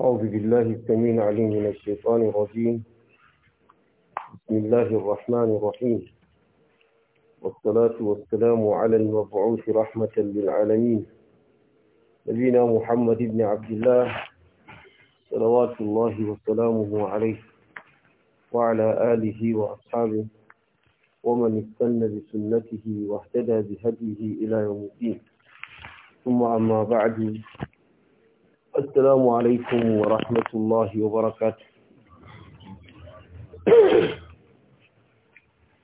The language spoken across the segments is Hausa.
أعوذ بالله السميع العليم من الشيطان الرجيم بسم الله الرحمن الرحيم والصلاة والسلام على المبعوث رحمة للعالمين نبينا محمد بن عبد الله صلوات الله وسلامه عليه وعلى آله وأصحابه ومن استنى بسنته واهتدى بهديه إلى يوم الدين ثم أما بعد السلام عليكم ورحمة الله وبركاته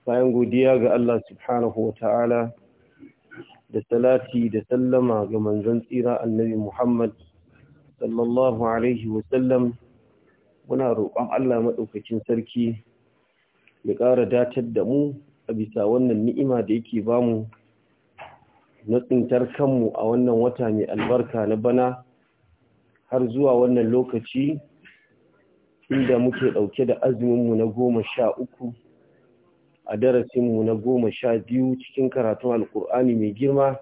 bayan godiya ga Allah subhanahu wa ta'ala da salati da sallama ga manzon tsira annabi Muhammad sallallahu alaihi wa sallam muna roƙon Allah maɗaukacin sarki ya ƙara datar da mu a bisa wannan ni'ima da yake bamu na tsintar kanmu a wannan wata mai albarka na bana har zuwa wannan lokaci inda muke ɗauke da azuminmu na goma sha uku a darasinmu na goma sha biyu cikin karatun alkur'ani mai girma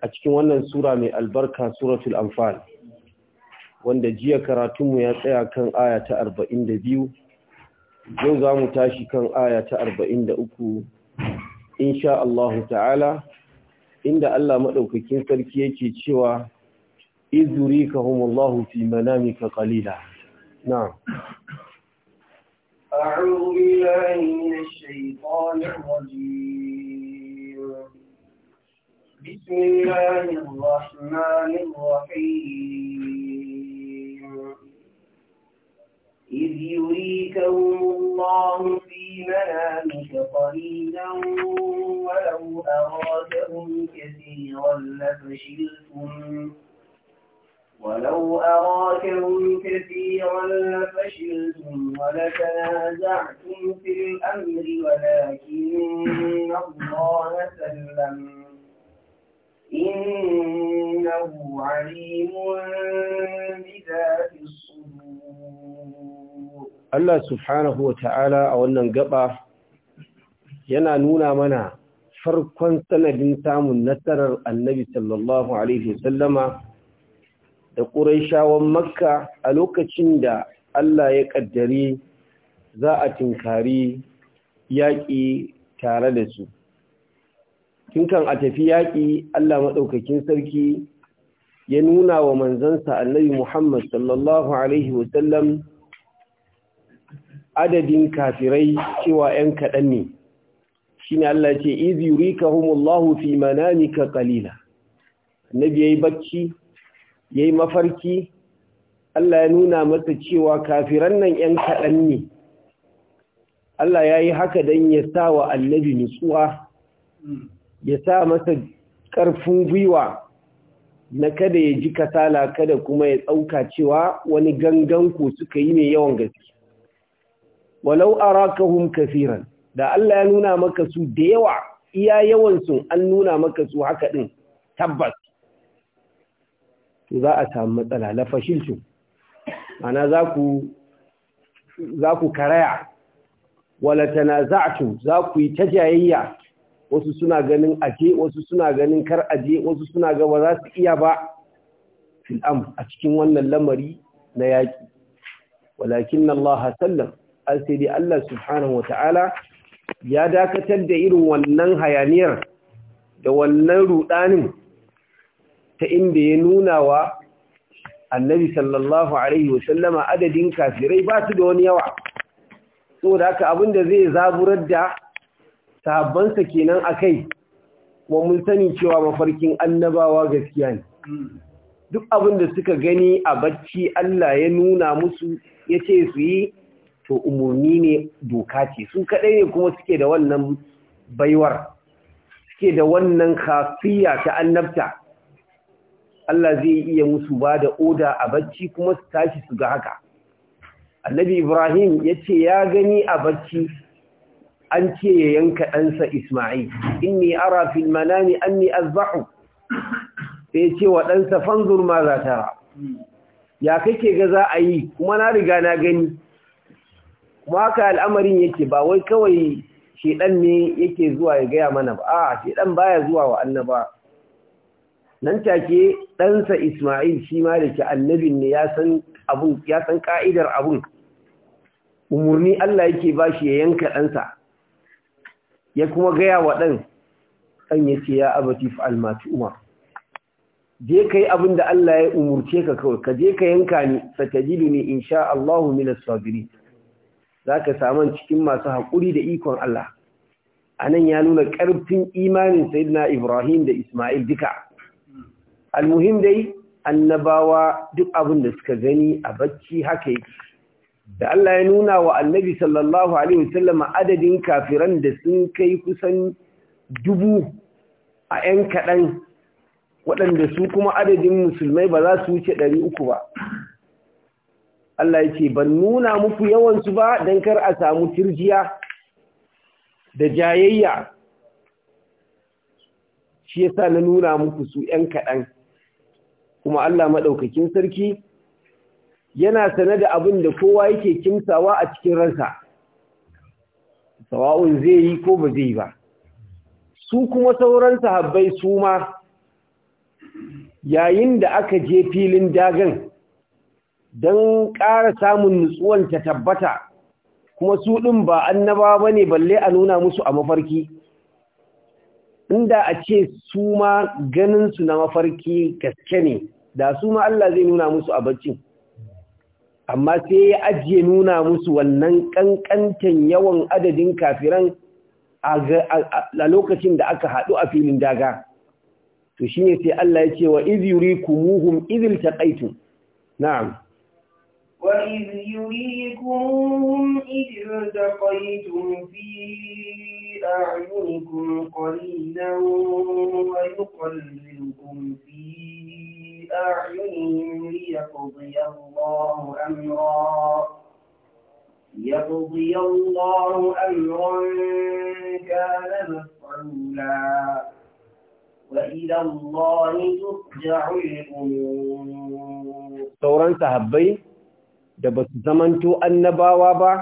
a cikin wannan sura mai albarka suratul amfani wanda jiya karatunmu ya tsaya kan aya ta arba'in yau za mu tashi kan aya ta arba'in da uku insha Allahu ta'ala inda Allah maɗaukakin sarki yake cewa إذ يريكهم الله في منامك قليلا نعم أعوذ بالله من الشيطان الرجيم بسم الله الرحمن الرحيم إذ يريكهم الله في منامك قليلا ولو أرادهم كثيرا لفشلتم ولو أراكهم كثيرا لفشلتم ولتنازعتم في الأمر ولكن الله سلم إنه عليم بذات الصدور الله سبحانه وتعالى أولا قبع yana nuna mana farkon sanadin samun nasarar annabi sallallahu alaihi wasallama da ƙuraishawan makka a lokacin da Allah ya ƙaddari za a tinkari yaƙi tare da su. Tunkan a tafi yaƙi Allah maɗaukakin sarki ya nuna wa manzansa annabi Muhammad sallallahu Alaihi wasallam adadin kafirai cewa ‘yan kaɗan ne. Shi ne Allah ce, "Izi yurika humullahu fi manamika ƙalila." nabi ya yi bacci ya yi mafarki Allah ya nuna masa cewa kafiran nan ‘yan kaɗan ne Allah ya yi haka don ya sa wa annabi nutsuwa ya sa masa ƙarfin gwiwa na kada ya ji kasala kada kuma ya tsauka cewa wani gangan ko suka yi mai yawan gaske walau arakahum kafiran da Allah ya nuna maka su da yawa iya yawansu an nuna maka su haka ɗin tabbas to za a samu matsala na fashiltu ana za ku za ku karaya wala tanaza'tu za ku yi tajayayya wasu suna ganin aje wasu suna ganin kar aje wasu suna ga ba za su iya ba fil a cikin wannan lamari na yaƙi. walakin Allah sallam asiri Allah subhanahu wataala ya dakatar da irin wannan hayaniyar da wannan rudanin ta inda ya nuna wa annabi sallallahu alaihi wasallama adadin kafirai ba su da wani yawa da haka abin da zai zaburar da sahabbansa kenan a kai, kuma mun sani cewa mafarkin annabawa gaskiya ne duk abin da suka gani a bacci Allah ya nuna musu ya ce su yi to umarni ne doka ce su kaɗai ne kuma suke da wannan baiwar suke da wannan kafiya ta annabta Allah zai iya musu ba da oda a bacci kuma su tashi su ga haka annabi ibrahim ya ce ya gani a bacci an ce ya yanka ɗansa isma'il inni ara fil manami anni azbahu sai ya ce wa ɗansa fanzur ma za ta ya kake ga za a yi kuma na riga na gani kuma haka al'amarin yake ba wai kawai shedan ne yake zuwa ya gaya mana ba a shedan baya zuwa wa annaba nan take ɗansa Ismail shi ma da ke annabin ne ya san ƙa'idar abun, umarni Allah yake ba shi ya yanka ɗansa, ya kuma gaya wa ɗan, ɗan ya ce ya abati almatu, umar. Je ka yi abin da Allah ya umurce ka kawai, ka je ka yanka ni, satajidu ne in sha Allahu minas sabiri, za ka saman cikin masu haƙuri da ikon Allah. Anan ya nuna ƙarfin imanin Sayyidina Ibrahim da Ismail duka. almuhim dai annabawa duk abin da suka gani a bacci haka yake da Allah ya nuna wa annabi sallallahu alaihi wasallama adadin kafiran da sun kai kusan dubu a 'yan kaɗan waɗanda su kuma adadin musulmai ba za su wuce ɗari uku ba Allah ya ce ban nuna muku yawansu ba don kar a samu turjiya da jayayya shi yasa na nuna muku su 'yan kaɗan kuma Allah maɗaukakin sarki yana sane da abin da kowa yake kimsawa a cikin ransa sawa'un zai yi ko ba zai ba su kuma sauran sahabbai su ma yayin da aka je filin dagan don ƙara samun nutsuwan ta tabbata kuma su ɗin ba annaba ba ne balle a nuna musu a mafarki inda a ce su ma ganinsu na mafarki gaske ne da su ma Allah zai nuna musu a baccin amma sai ya ajiye nuna musu wannan kankantan yawan adadin kafiran a lokacin da aka haɗu a filin daga to shine sai Allah ya ce wa iz yurikumuhum ta taqaitum na'am وإذ يريكم إذ التقيتم في أعينكم قليلا ويقللكم fi. بأعينهم ليقضي الله أمرا يقضي الله أمرا كان مفعولا وإلى الله ترجع الأمور sauran sahabbai da ba su zamanto annabawa ba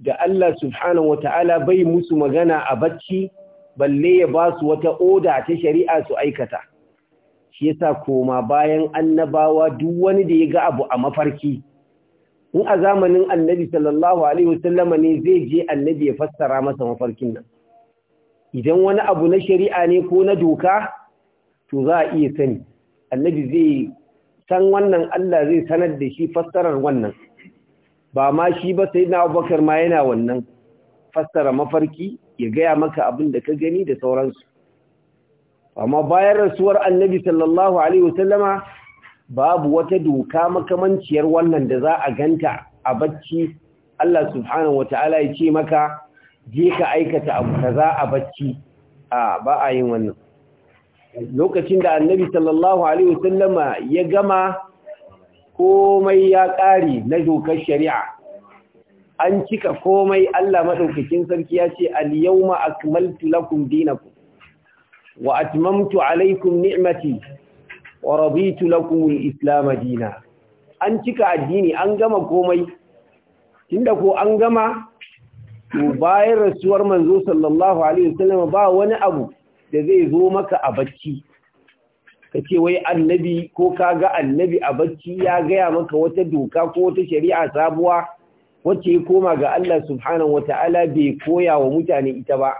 da Allah subhanahu ta'ala bai musu magana a bacci balle ya ba su wata oda ta shari'a su aikata shi yasa koma bayan annabawa duk wani da ya ga abu a mafarki in a zamanin annabi sallallahu alaihi wasallam ne zai je annabi ya fassara masa mafarkin nan idan wani abu na shari'a ne ko na doka to za a iya sani annabi zai san wannan Allah zai sanar da shi fassarar wannan ba ma shi ba sai na abubakar ma yana wannan fassara mafarki ya gaya maka abin da ka gani da sauransu amma bayan rasuwar annabi sallallahu alaihi wasallama babu wata doka makamanciyar wannan da za a ganta a bacci Allah subhanahu wata'ala ya ce maka je ka aikata abu kaza a bacci a ba a yin wannan lokacin da annabi sallallahu alaihi wasallama ya gama komai ya ƙare na dokar shari'a an cika komai Allah madaukakin sarki ya ce al yawma akmaltu lakum dinakum وأتممت عليكم نعمتي ورضيت لكم الإسلام دينا an cika addini an gama komai tunda ko an gama to bayan rasuwar manzo sallallahu alaihi wasallam ba wani abu da zai zo maka a bacci ce wai annabi ko ka ga annabi a bacci ya gaya maka wata doka ko wata shari'a sabuwa wacce ya koma ga Allah subhanahu wataala bai koya wa mutane ita ba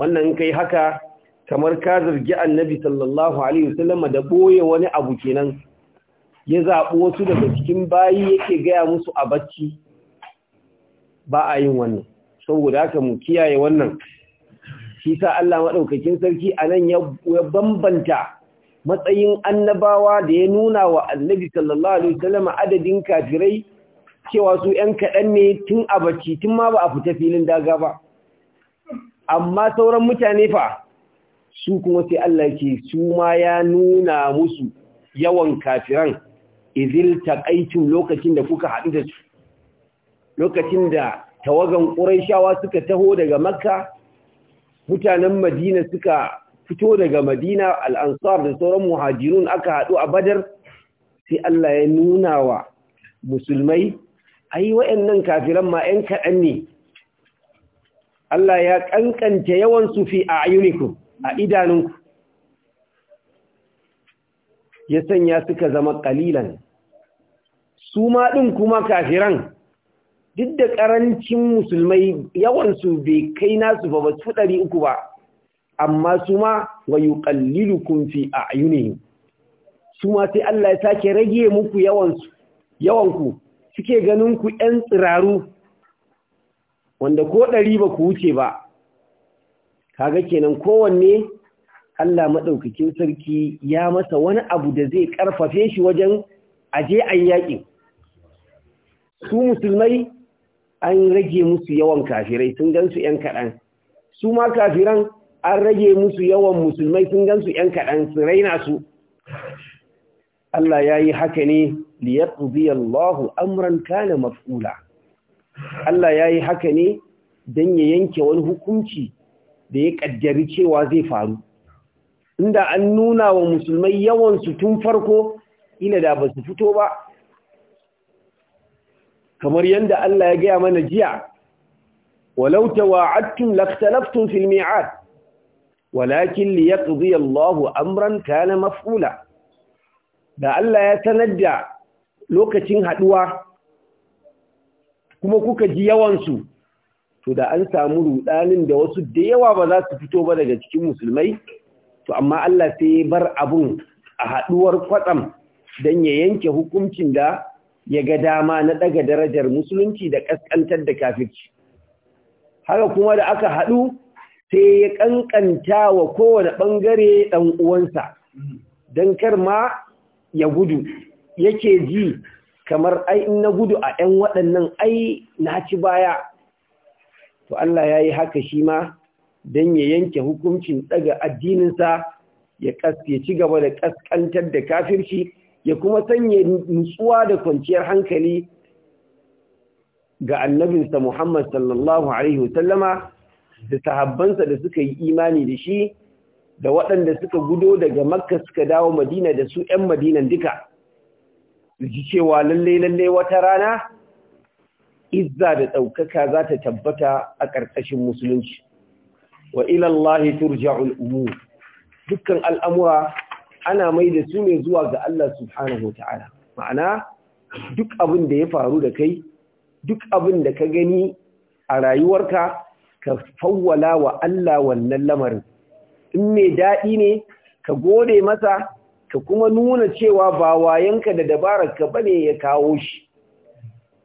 wannan kai haka kamar ka zargi annabi sallallahu alaihi wasallam da boye wani abu kenan ya zaɓi wasu daga cikin bayi yake gaya musu a bacci ba a yin wannan saboda haka mu kiyaye wannan shi sa Allah maɗaukakin sarki anan ya bambanta matsayin annabawa da ya nuna wa annabi sallallahu alaihi wasallam adadin kafirai cewa su ‘yan kaɗan ne tun a bacci tun ma ba a fita filin daga ba amma sauran mutane fa su kuma sai Allah ke su ma ya nuna musu yawan kafiran izil taqaitum lokacin da kuka haɗu da su lokacin da tawagan quraishawa suka taho daga makka mutanen madina suka fito daga madina al-ansar da sauran muhajirun aka haɗu a badar sai Allah ya nuna wa musulmai ai wayannan kafiran ma 'yan kaɗan ne Allah ya kankanta yawan su fi a ayyukum a idanunku ya sanya suka zama kalilan su ma ɗin kuma kafiran duk da ƙarancin musulmai yawansu bai kai nasu ba ba su ɗari uku ba amma su ma wa yi ƙallilu fi a su ma sai Allah ya sake rage muku yawansu yawanku suke ganin ku ‘yan tsiraru wanda ko ɗari ba ku wuce ba kaga kenan kowanne Allah maɗaukakin sarki ya masa wani abu da zai ƙarfafe shi wajen aje an yaƙi su musulmai an rage musu yawan kafirai sun gansu ‘yan kaɗan su ma kafiran an rage musu yawan musulmai sun gansu ‘yan kaɗan su raina su Allah ya yi haka ne Allahu, amran kana maf'ula Allah ya yi haka ne don ya yanke wani hukunci da ya kaddari cewa zai faru inda an nuna wa musulmai yawansu tun farko ila da ba su fito ba kamar yadda Allah ya gaya mana jiya walau tawa'attum laktalaftum fil mi'ad walakin liyaqdi Allahu amran kana maf'ula da Allah ya sanar da lokacin haduwa kuma kuka ji yawansu to da an samu rudanin da wasu da yawa ba za su fito ba daga cikin musulmai to amma Allah sai ya bar abun a haduwar kwatsam don ya yanke hukuncin da ya ga dama na daga darajar musulunci da kaskantar da kafirci haka kuma da aka hadu sai ya kankanta wa kowane bangare dan uwansa don kar ma ya gudu yake ji kamar ai in na gudu a 'yan waɗannan ai na ci baya to Allah ya yi haka shi ma don ya yanke hukuncin daga addininsa ya ci gaba da ƙasƙantar da kafirci ya kuma sanya nutsuwa da kwanciyar hankali ga annabinsa Muhammad sallallahu Alaihi wasallama da sahabbansa da suka yi imani da shi da waɗanda suka gudo daga makka suka dawo madina da su ‘yan madinan duka ji cewa lallai lallai wata rana izza da ɗaukaka za ta tabbata a ƙarƙashin musulunci wa ilallahi turja'ul umur dukkan al'amura ana mai da su ne zuwa ga Allah subhanahu ta'ala ma'ana duk abin da ya faru da kai duk abin da ka gani a rayuwarka ka fawwala wa Allah wannan lamarin in mai daɗi ne ka gode masa ka kuma nuna cewa ba wayanka da dabararka ne ya kawo shi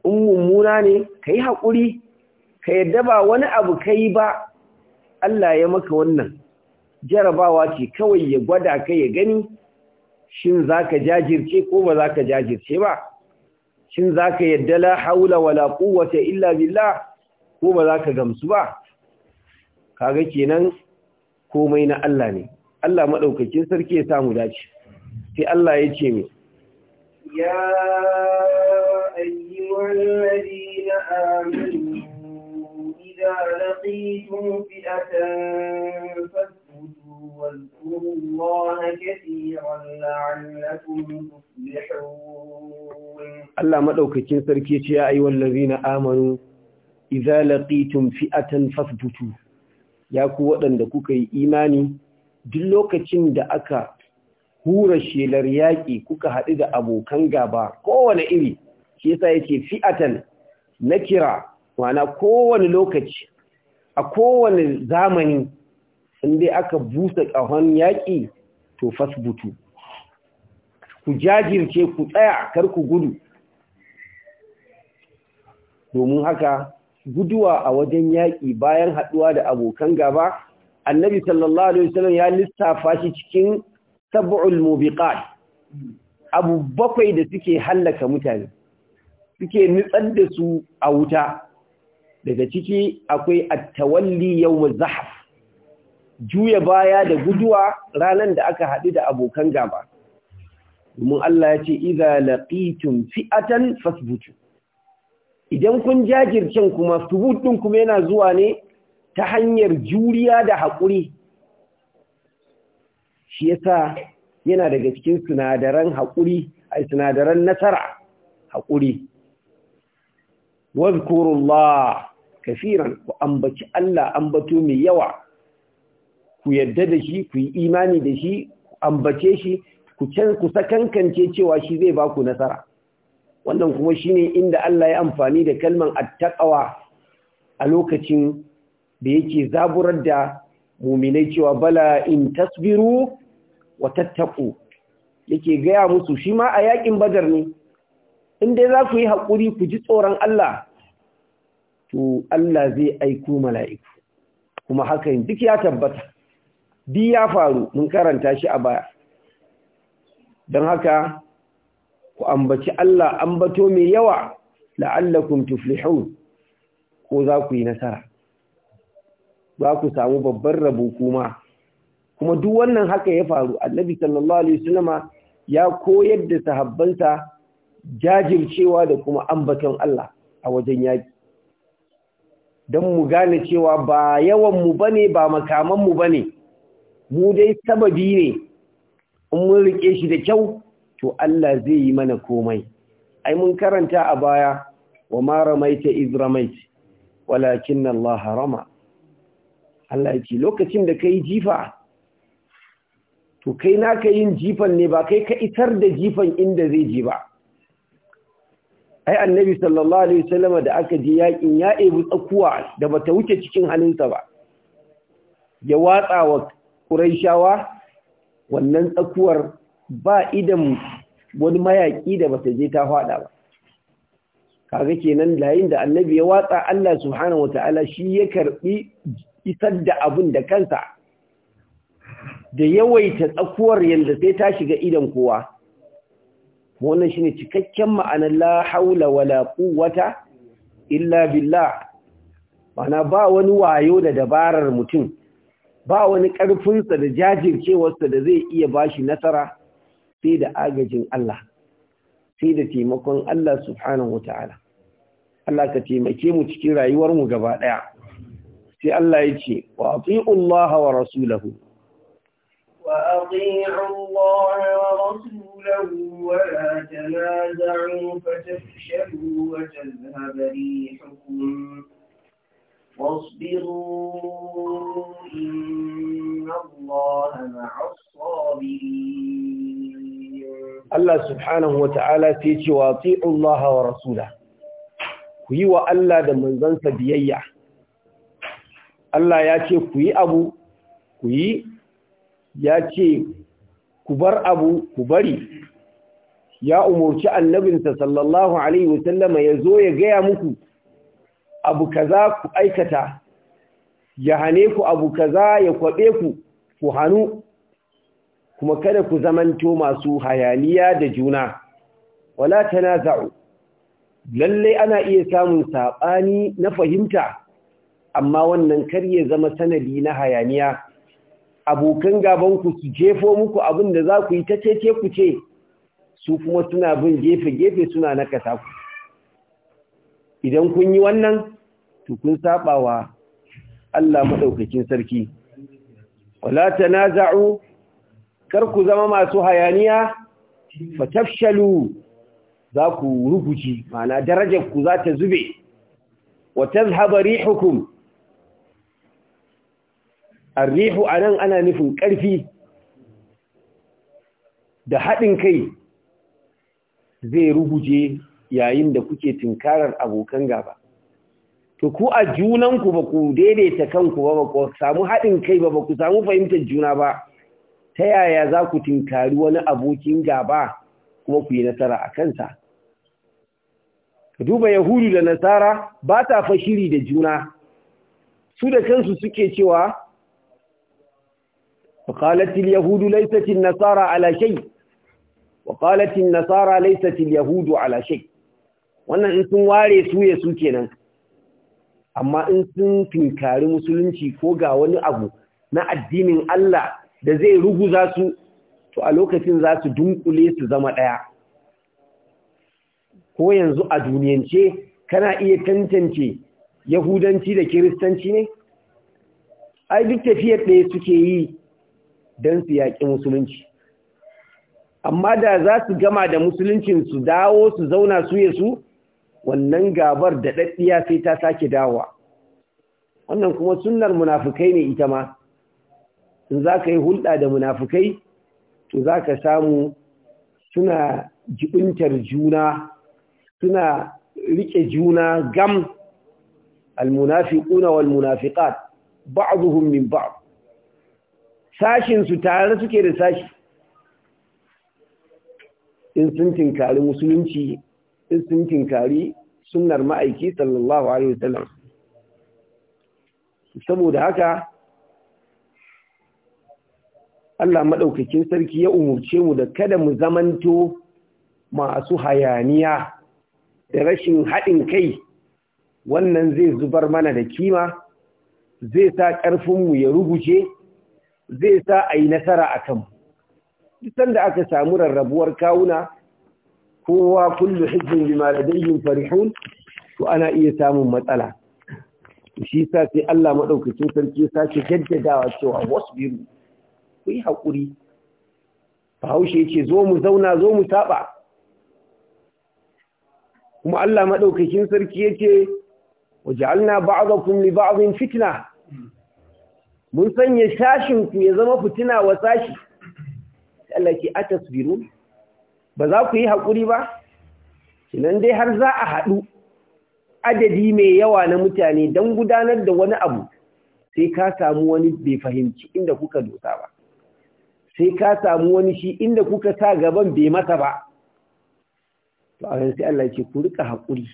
in mummuna ne ka yi haƙuri ka yadda ba wani abu ka yi ba Allah ya maka wannan jarabawa ce kawai ya gwada ka ya gani shin za ka jajirce ko ba za ka jajirce ba shin za ka yadda la haula la quwwata illa billah ko ba za ka gamsu ba kaga kenan komai na Allah ne Allah maɗaukacin sarki ya samu dace sai Allah ya ce mai ya أيها الذين آمنوا إذا لقيتم فئة فاثبتوا واذكروا الله كثيرا لعلكم تفلحون الله مدوكتين سركيتي يا أيها الذين آمنوا إذا لقيتم فئة فاثبتوا يا قوة waɗanda kuka yi duk lokacin da aka hura shelar yaƙi kuka haɗu da abokan gaba kowane iri shi yasa yake fi'atan nakira ma'ana kowane lokaci a kowane zamani in dai aka busa ƙahon yaƙi to fasbutu ku jajirce ku tsaya kar ku gudu domin haka guduwa a wajen yaƙi bayan haɗuwa da abokan gaba annabi sallallahu alaihi wasallam ya lissafa shi cikin sab'ul mubiqat abu bakwai da suke hallaka mutane suke nitsar da su a wuta daga ciki akwai attawalli yau zahaf juya baya da guduwa ranar da aka haɗu da abokan gaba domin Allah ya ce idza laqitum fi'atan fasbutu idan kun jajirce kuma subut din kuma yana zuwa ne ta hanyar juriya da haƙuri shi yasa yana daga cikin sinadaran haƙuri ai sinadaran nasara haƙuri wadhkurullah kafiran ku ambaci Allah bato mai yawa ku yadda da shi ku yi imani da shi ku ambace shi ku can ku sakankance cewa shi zai ba ku nasara wannan kuma shine inda Allah ya amfani da kalman attaqwa a lokacin da yake zaburar da muminai cewa bala in tasbiru wa tattaqu yake gaya musu shi ma a yakin badar ne in dai za ku yi haƙuri ku ji tsoron Allah to Allah zai aiko mala'iku kuma hakan duk ya tabbata Bi ya faru mun karanta shi a baya don haka ku ambaci Allah ambato mai yawa la'allakum tuflihun ko za ku yi nasara za ku samu babban rabo kuma kuma duk wannan haka ya faru annabi sallallahu alaihi wasallama ya koyar da sahabbansa jajircewa da kuma ambaton Allah a wajen yaki don mu gane cewa ba yawanmu ba ne ba makamanmu ba ne mu dai sababi ne in mun riƙe shi da kyau to Allah zai yi mana komai ai mun karanta a baya wa ma ramaita iz ramaita walakin Allah rama Allah ya ce lokacin da kai jifa to kai naka yin jifan ne ba kai ka isar da jifan inda zai ji ba ai annabi sallallahu alaihi wasallam da aka ji yakin ya ebi tsakuwa da bata wuce cikin halinsa ba ya watsa wa quraishawa wannan tsakuwar ba idan wani mayaki da bata je ta fada ba kaga kenan layin da annabi ya watsa Allah subhanahu wataala shi ya karbi isar da abin da kansa da yawaita tsakuwar yanda sai ta shiga idan kowa wannan shine cikakken ma'anar la haula wala quwwata illa billah ma'ana ba wani wayo da dabarar mutum ba wani ƙarfinsa da jajircewarsa da zai iya bashi nasara sai da agajin Allah sai da taimakon Allah subhanahu wata'ala Allah ka taimake mu cikin rayuwar mu gaba ɗaya sai Allah ya ce wa ati'u Allah wa rasulahu wa ati'u Allah wa rasulahu تولوا ولا تنازعوا فتفشلوا وتذهب ريحكم واصبروا إن الله مع الصابرين الله سبحانه وتعالى تيجي واطيعوا الله ورسوله كي وألا دمن زنس بيئة Allah ya ce ku yi abu, ku yi, ya ce ku bar abu ku bari ya umurci annabinsa sallallahu alaihi wasallama ya zo ya gaya muku abu kaza ku aikata ya hane ku abu kaza ya kwaɓe ku ku hannu kuma kada ku zamanto masu hayaniya da juna wala tanaza'u lalle ana iya samun saɓani na fahimta amma wannan kar ya zama sanadi na hayaniya abokan gabanku su jefo muku abin da za ku yi ta cece ku ce su kuma suna bin gefe-gefe suna nakasa ku idan kun yi wannan to kun saba wa Allah maɗaukakin sarki wala tanaza'u kar ku zama masu hayaniya fa tafshalu za ku ruguji mana darajar ku za ta zube wa tazhaba rihukum arrihu a nan ana nufin ƙarfi da haɗin kai zai ruguje yayin da kuke tinkarar abokan gaba to ku a junanku ba ku daidaita kanku ba ba ku samu haɗin kai ba ba ku samu fahimtar juna ba ta yaya za ku tinkari wani abokin gaba kuma ku yi nasara a kansa duba yahudu da nasara ba ta fashiri da juna su da kansu suke cewa فقالت اليهود ليست النصارى على شيء وقالت النصارى ليست اليهود على شيء wannan in sun ware su ya su kenan amma in sun tinkari musulunci ko ga wani abu na addinin Allah da zai ruguza su to a lokacin za su dunkule su zama ɗaya ko yanzu a duniyance kana iya tantance yahudanci da kiristanci ne ai duk tafiyar ɗaya suke yi don su yaƙi musulunci amma da za su gama da musuluncin su dawo su zauna su yasu wannan gabar da ɗaɗɗiya sai ta sake dawa. wannan kuma sunnar munafukai ne ita ma in za ka yi hulɗa da munafukai to za ka samu suna jibintar juna suna riƙe juna gam al-munaafi wal-munafiqat ba'dhum min ba'd su tare suke da sashi in sun tinkari musulunci in sun tinkari sunnar ma'aiki sallallahu alaihi wasallam saboda haka Allah maɗaukakin sarki ya umurce mu da kada mu zamanto masu hayaniya da rashin haɗin kai wannan zai zubar mana da kima zai sa ƙarfinmu ya rubuce zai sa a yi nasara a kan Kisan da aka samu rarrabuwar kawuna kowa kullu hizbin bima farihun to ana iya samun matsala shi sa sai Allah maɗaukacin sarki ya sake jaddadawa cewa biyu, ku yi haƙuri?" Bahaushe ce, zo mu zauna zo mu saba kuma Allah maɗaukacin sarki ya ce, yace waj'alna ba'azakun li ba'azin fitna mun sanya shashin ku ya zama fitina wa sashi Allah ke atasbiru ba za ku yi haƙuri ba kinan dai har za a haɗu adadi mai yawa na mutane don gudanar da wani abu sai ka samu wani bai fahimci inda kuka dosa ba sai ka samu wani shi inda kuka sa gaban bai masa ba to a yanzu Allah ke ku rika haƙuri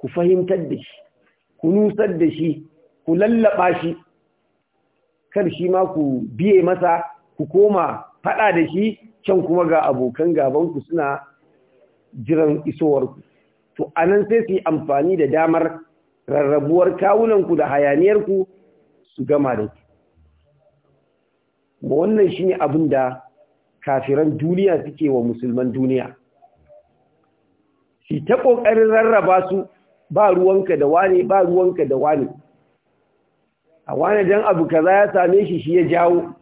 ku fahimtar da shi ku nusar da shi ku lallaba shi kar shi ma ku biye masa ku koma faɗa da shi can kuma ga abokan gabanku suna jiran isowarku to anan sai su yi amfani da damar rarrabuwar kawunanku da hayaniyarku su gama da ku wannan shine abin da kafiran duniya suke wa musulman duniya shi ta ƙoƙarin rarraba su ba ruwanka da wane ba ruwanka da wane a wani jan abu kaza ya same shi shi ya jawo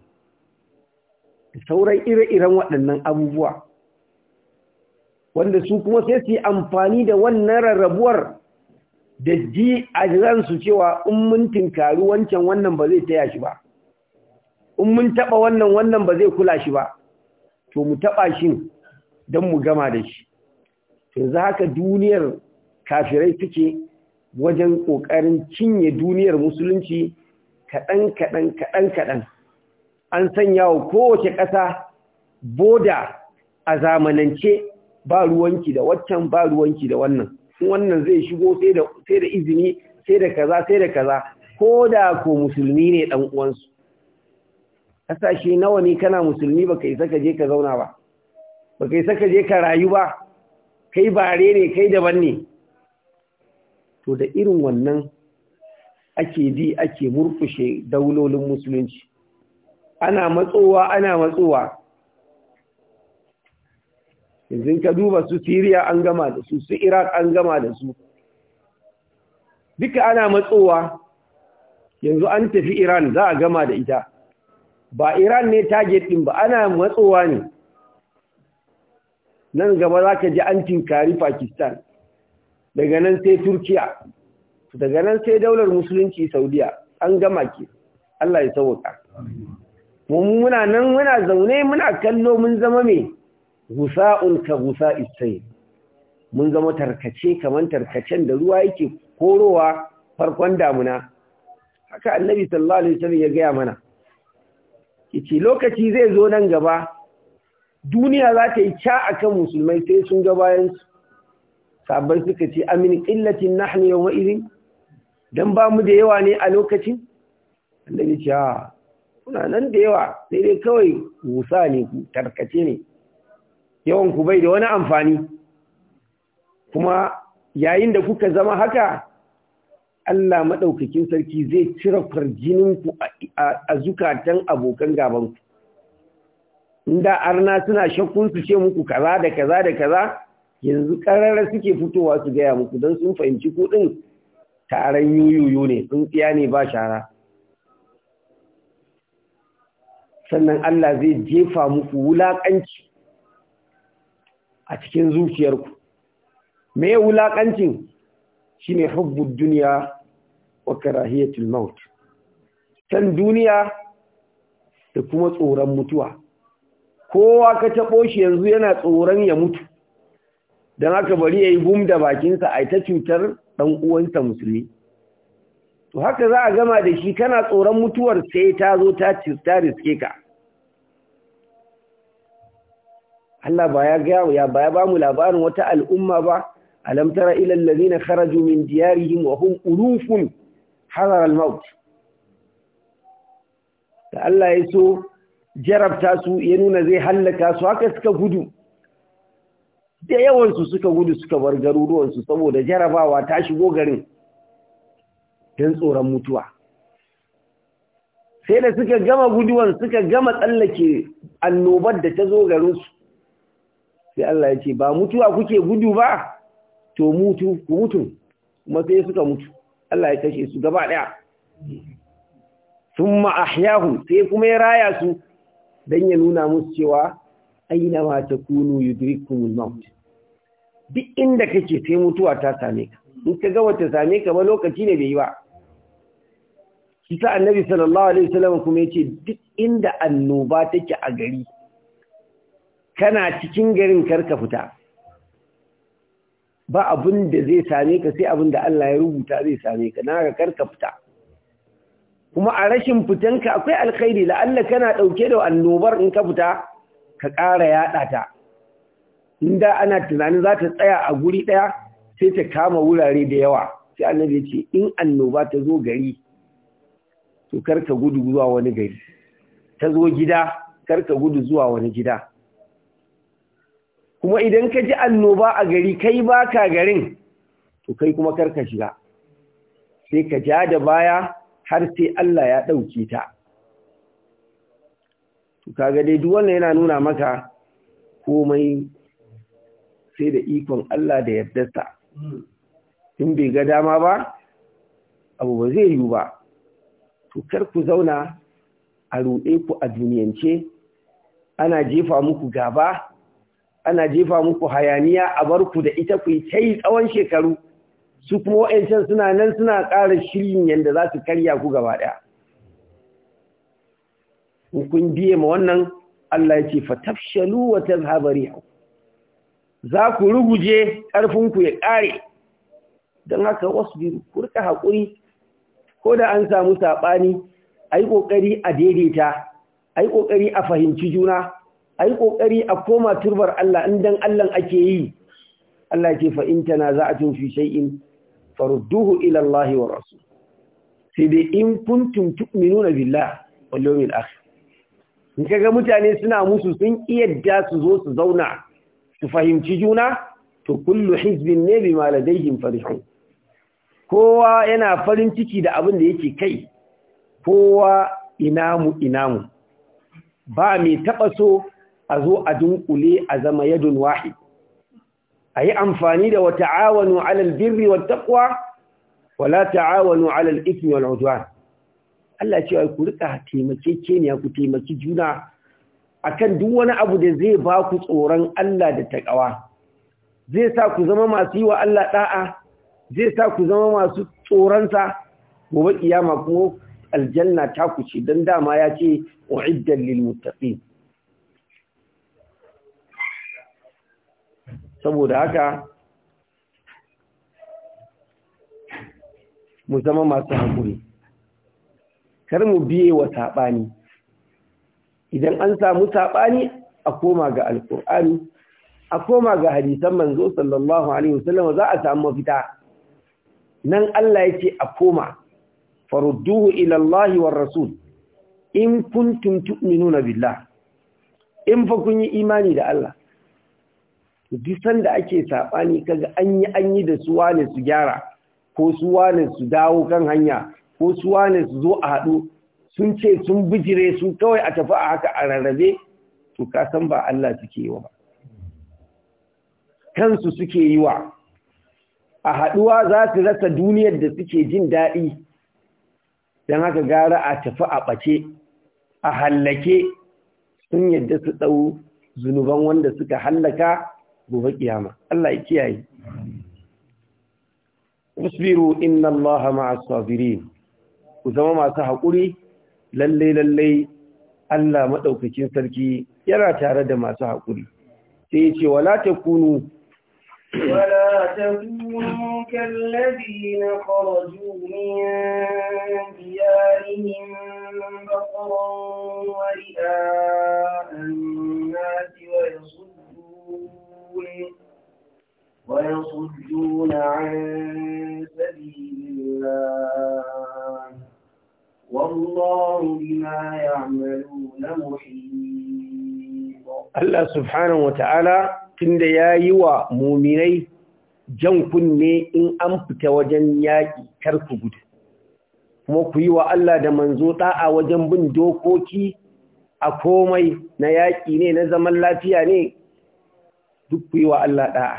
sauran ire-iren waɗannan abubuwa wanda su kuma sai su yi amfani da wannan rarrabuwar da ji a ransu cewa in mun tinkari wancan wannan ba zai taya shi ba in mun taɓa wannan wannan ba zai kula shi ba to mu taɓa shi don mu gama da shi za haka duniyar kafirai suke wajen ƙoƙarin cinye duniyar musulunci kaɗan kaɗan kaɗan kaɗan an sanya wa kowace ƙasa boda a zamanance ba ruwanki da waccan ba ruwanki da wannan wannan zai shigo sai da izini sai da kaza sai da kaza ko da ko musulmi ne ɗan uwansu ƙasashe nawa ne kana musulmi ba ka isa ka je ka zauna ba ba ka isa ka je ka rayu ba kai bare ne kai daban ne to da irin wannan ake bi ake murkushe daulolin musulunci ana matsowa ana matsowa yanzu ka duba su Syria an gama da su su Iraq an gama da su duka ana matsowa yanzu an tafi Iran za a gama da ita ba Iran ne target din ba ana matsowa ne nan gaba za ka ji an tinkari Pakistan daga nan sai Turkiya daga nan sai daular musulunci saudiya an gama ke Allah ya sauka muna nan muna zaune muna kallo mun zama mai gusa'un ka gusa isai mun zama tarkace kamar tarkacen da ruwa yake korowa farkon damuna haka annabi sallallahu alaihi wasallam ya gaya mana yace lokaci zai zo nan gaba duniya za ta yi ca akan musulmai sai sun ga bayan su sabai suka ce amin qillatin nahnu yawma idhin don ba mu da yawa ne a lokacin annabi ce a ah, kuna nan da yawa sai dai kawai wusa ne ku tarkace ne yawan ku bai da wani amfani kuma yayin da kuka zama haka Allah maɗaukakin sarki zai cire ku a zukatan abokan gabanku. Inda arna suna shakkun su ce muku kaza da kaza da kaza yanzu ƙarara suke fitowa su gaya muku don sun fahimci kuɗin taron yuyuyu ne tsintsiya ne ba shara sannan Allah zai jefa muku wulaƙanci a cikin zuciyarku me wulaƙancin shine hubbud duniya wa karahiyatul maut san duniya da kuma tsoron mutuwa kowa ka taɓo shi yanzu yana tsoron ya mutu don haka bari ya yi gum da bakinsa a ta cutar ɗan uwansa musulmi to haka za a gama da shi kana tsoron mutuwar sai ta zo ta ta riske ka Allah ba ya gaya ya ba ya ba mu labarin wata al'umma ba alam tara ila allazina kharaju min diyarihim wa hum ulufun hadar al-maut da Allah ya so jarabta su ya nuna zai hallaka su haka suka gudu da yawansu suka gudu suka bar garuruwansu saboda jarabawa ta shigo garin don tsoron mutuwa sai da suka gama guduwan suka gama tsallake annobar da ta zo garinsu sai Allah ya ce ba mutuwa kuke gudu ba to mutu ku mutu kuma sai suka mutu Allah ya kashe su gaba daya thumma ahyahu sai kuma ya raya su dan ya nuna musu cewa aina ma takunu yudrikumul maut duk inda kake sai mutuwa ta same ka in ka ga wata same ka ba lokaci ne bai yi ba shi sa annabi sallallahu alaihi wasallam kuma yace duk inda annoba take a gari kana cikin garin karka fita ba abin da zai same ka sai abin da Allah ya rubuta zai same ka na karka fita kuma a rashin fitanka akwai alkhairi la'alla kana ɗauke da annobar in ka fita ka ƙara yaɗa ta inda ana tunanin za ta tsaya a guri ɗaya sai ta kama wurare da yawa sai annabi ya ce in annoba ta zo gari to kar ka gudu zuwa wani gari ta zo gida kar ka gudu zuwa wani gida kuma idan ka ji annoba a gari kai baka garin to kai kuma kar ka shiga sai ka ja da baya har sai Allah ya ɗauke ta to kaga dai duk wannan yana nuna maka komai sai da ikon Allah da yardarsa in bai ga dama ba abu ba zai yiwu ba to kar ku zauna a ruɗe ku a duniyance ana jefa muku gaba ana jefa muku hayaniya a bar ku da ita ku ta yi tsawon shekaru su kuma wa'ancan suna nan suna ƙara shirin yadda za su karya ku gaba ɗaya in kun biye ma wannan Allah ya ce fatafshalu wa tazhaba rihu za ku ruguje ƙarfinku ya ƙare dan haka wasu biyu ku haƙuri ko da an samu saɓani a yi ƙoƙari a daidaita a yi ƙoƙari a fahimci juna a yi ƙoƙari a koma turbar Allah in dan Allah ake yi Allah ya ce fa na za a cin fi shay'in farudduhu ilallahi wa rasul sai dai in kuntum tu'minuna billah wal yawmil akhir in kaga mutane suna musu sun iyadda su zo su zauna su fahimci juna to kullu hizbin ne bi maladaihim farihun kowa yana farin ciki da abin da yake kai kowa inamu inamu ba mai taba so a zo a dunkule a zama yadun wahid a yi amfani da wata awanu alal birri wa taqwa wala ta'awanu alal ismi wal udwan Allah cewa ku rika taimake ne ku taimaki juna akan duk wani abu da zai ba ku tsoron Allah da takawa zai sa ku zama masu yi wa Allah ɗa'a, zai sa ku zama masu tsoronsa gobe kiyama kuma aljanna ta ku ce don dama ya ce uiddan lil muttaqin saboda haka mu zama masu hakuri kar mu biye wa saɓani idan an samu saɓani a koma ga alƙur'ani a koma ga hadisan manzo sallallahu alaihi wasallam za a samu mafita nan Allah yake a koma farudduhu ila Allah war rasul in kuntum tu'minuna billah in fa kun yi imani da Allah duk sanda ake sabani kaga an anyi da su wane su gyara ko su wane su dawo kan hanya ko su wane su zo a haɗu sun ce sun bijire su kawai a tafi a haka a rarrabe to ka san ba Allah suke yi wa ba kansu suke yi wa a haɗuwa za su rasa duniyar da suke jin daɗi don haka gara a tafi a ɓace a hallake sun yadda su ɗau zunuban wanda suka hallaka gobe kiyama Allah ya kiyaye usbiru inna Allah ma'as sabirin ku zama masu haƙuri Lallai lallai, Allah maɗaukakin sarki yana tare da masu haƙuri sai ya ce wala takunu kunu wala ta kunu kallabi na بطرا ورئاء الناس ويصدون عن سبيل الله allah subhanahu wa ta’ala الله سبحانه وتعالى tunda yayi wa muminai jan kunne in an fita wajen yaƙi kar ku gudu kuma ku yi wa Allah da manzo ɗa'a wajen bin dokoki a komai na yaƙi ne na zaman lafiya ne duk ku yi wa Allah ɗa'a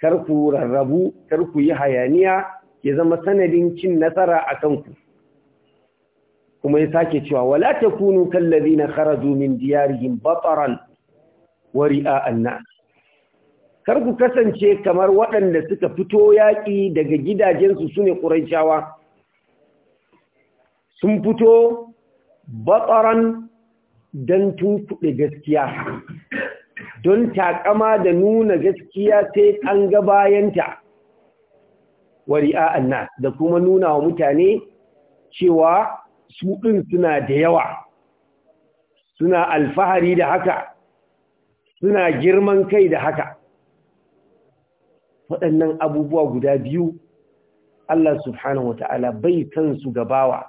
kar ku rarrabu kar ku yi hayaniya ya zama sanadin cin nasara a kanku kuma ya sake cewa wala takunu kallazina kharaju min diyarihim bataran wa ri'a'an nas kar ku kasance kamar waɗanda suka fito yaƙi daga gidajensu sune quraishawa sun fito bataran don tunkuɗe gaskiya don takama da nuna gaskiya sai an ga bayanta wari'a da kuma nuna wa mutane cewa su ɗin suna da yawa suna alfahari da haka suna girman kai da haka waɗannan abubuwa guda biyu Allah subhanahu wata'ala bai san su gabawa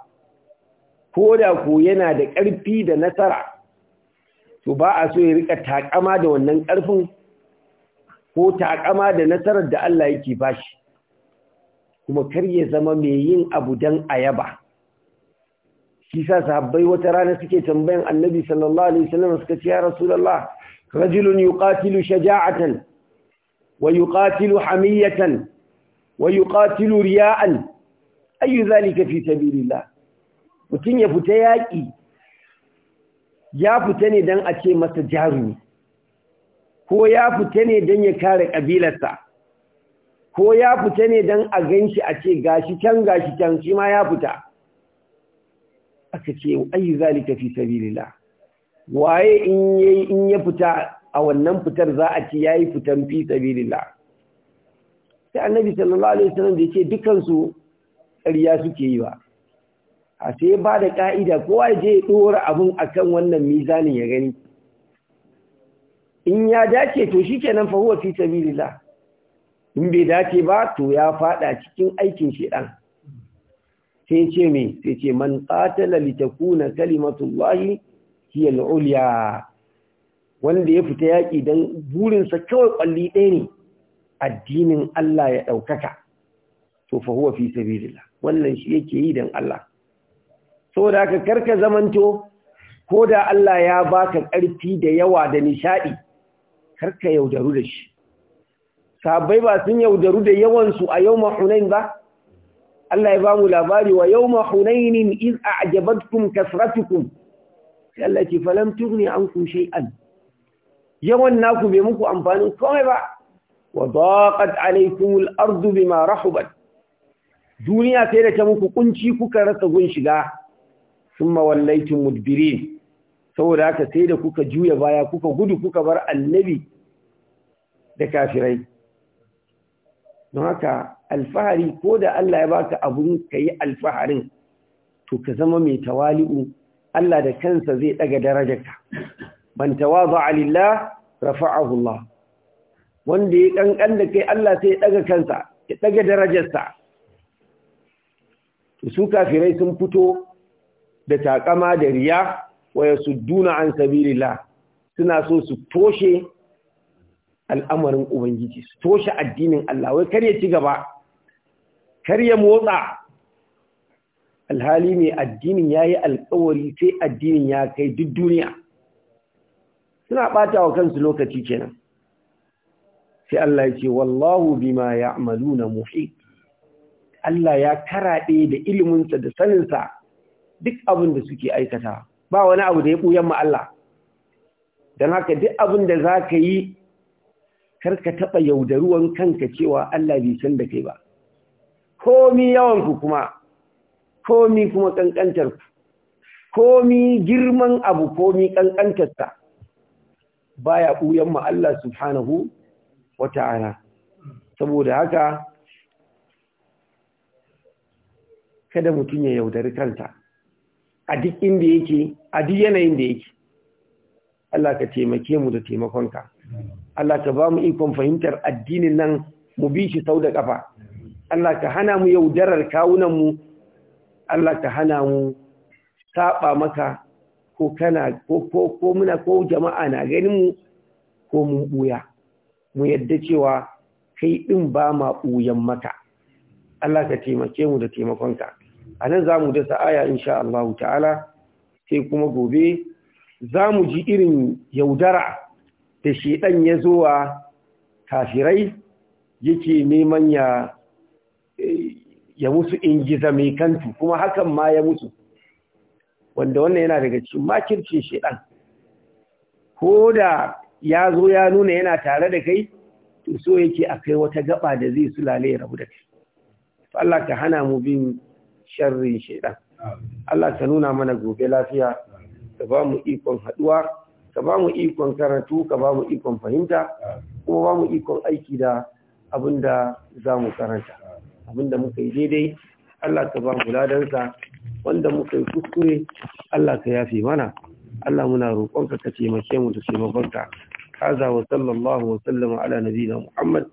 ko da ko yana da ƙarfi da nasara to ba a so ya rika takama da wannan ƙarfin ko takama da nasarar da Allah yake bashi kuma kar ya zama mai yin abu dan ayaba shi sa sahabbai wata rana suke tambayan annabi sallallahu alaihi wasallam suka ce ya rasulullah rajulun yuqatilu shaja'atan wa yuqatilu hamiyatan wa yuqatilu riya'an ayu zalika fi sabilillah mutun ya fita yaki ya fita ne dan a ce masa jarumi ko ya fita ne dan ya kare kabilarsa ko ya fita ne dan a ganshi a ce gashi can gashi can shi ma ya fita aka ce ayi zalika fi sabilillah waye in yayi in ya fita a wannan fitar za a ce yayi fitan fi sabilillah sai annabi sallallahu alaihi wasallam da yake dukan su ƙarya suke yi ba a sai ba da ka'ida kowa ya je ya dora abun akan wannan mizanin ya gani in ya dace to shikenan fa huwa fi sabilillah in bai dace ba to ya fada cikin aikin shedan sai ce me sai ce man qatala litakuna kalimatullahi hiya al wanda ya fita yaki dan burin sa kawai kwalli ɗaya ne addinin Allah ya daukaka to fa huwa fi sabilillah wannan shi yake yi dan Allah saboda haka karka zamanto ko da Allah ya baka karfi da yawa da nishadi karka yaudaru da shi sabai ba sun yaudaru da yawansu a yau hunain ba Allah ya bamu labari wa yawma hunainin iz a'jabatkum kasratukum sai Allah ce falam tughni ankum shay'an yawan naku bai muku amfanin komai ba wa daqat alaykum al-ardu bima rahabat duniya sai da ta muku kunci kuka rasa gun shiga summa wallaitum mudbirin saboda haka sai da kuka juya baya kuka gudu kuka bar annabi da kafirai don haka alfahari ko da Allah ya baka abun ka yi alfaharin to ka zama mai tawali'u Allah da kansa zai daga darajarka man tawadha lillah rafa'ahu Allah wanda ya kankan da kai Allah sai ya daga kansa ya daga darajarsa to su kafirai sun fito da takama da riya wa yasudduna an sabilillah suna so su toshe al'amarin ubangiji su toshe addinin Allah wai kar ya ci gaba kar ya motsa alhali mai addinin ya yi alkawari sai addinin ya kai duk duniya suna ɓata wa kansu lokaci kenan sai Allah ya ce wallahu bima ya'maluna muhit Allah ya karaɗe da iliminsa da saninsa duk abin da suke aikata ba wani abu da ya ɓuyan ma Allah don haka duk abin da za ka yi karka taɓa yaudaruwan kanka cewa Allah bai san da kai ba komi yawanku kuma komi kuma ƙanƙantarku komi girman abu komi ƙanƙantarsa baya ɓuyan ma Allah subhanahu wata'ala saboda haka kada mutum ya yaudari kanta a duk inda yake a duk yanayin da yake Allah ka taimake mu da taimakonka Allah ka ba mu ikon fahimtar addinin nan mu bi shi sau da ƙafa Allah ka hana mu yaudarar mu. Allah ka hana mu saba maka ko kana ko ko ko muna ko jama'a na ganin mu ko mun buya mu yadda cewa kai din ba ma buyan maka Allah ka taimake mu da taimakon ka. taimakonka anan zamu dasa aya insha Allah ta'ala sai kuma gobe zamu ji irin yaudara da shedan ya zo wa kafirai yake neman ya ya musu ingiza mai kantu kuma hakan ma ya mutu wanda wannan yana daga cikin makircin shedan ko da ya zo ya nuna yana tare da kai to so yake akai wata gaba da zai sulale ya rabu da kai Allah ka hana mu bin sharrin shedan Allah ka nuna mana gobe lafiya ka ba mu ikon haduwa ka ba mu ikon karatu ka ba mu ikon fahimta kuma ba mu ikon aiki da abinda za mu karanta abinda muka yi daidai Allah ka ba ladansa wanda muka yi kuskure Allah ka yafe mana Allah muna roƙonka ka taimake mu da taimakonka haza wa sallallahu wa sallama ala nabiyina Muhammad